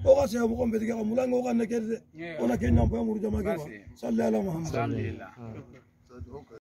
Oga saya bukan beti kaka mulang oga nak kerja. Ona kena nampak murid jamaah kita. Sallallahu alaihi wasallam.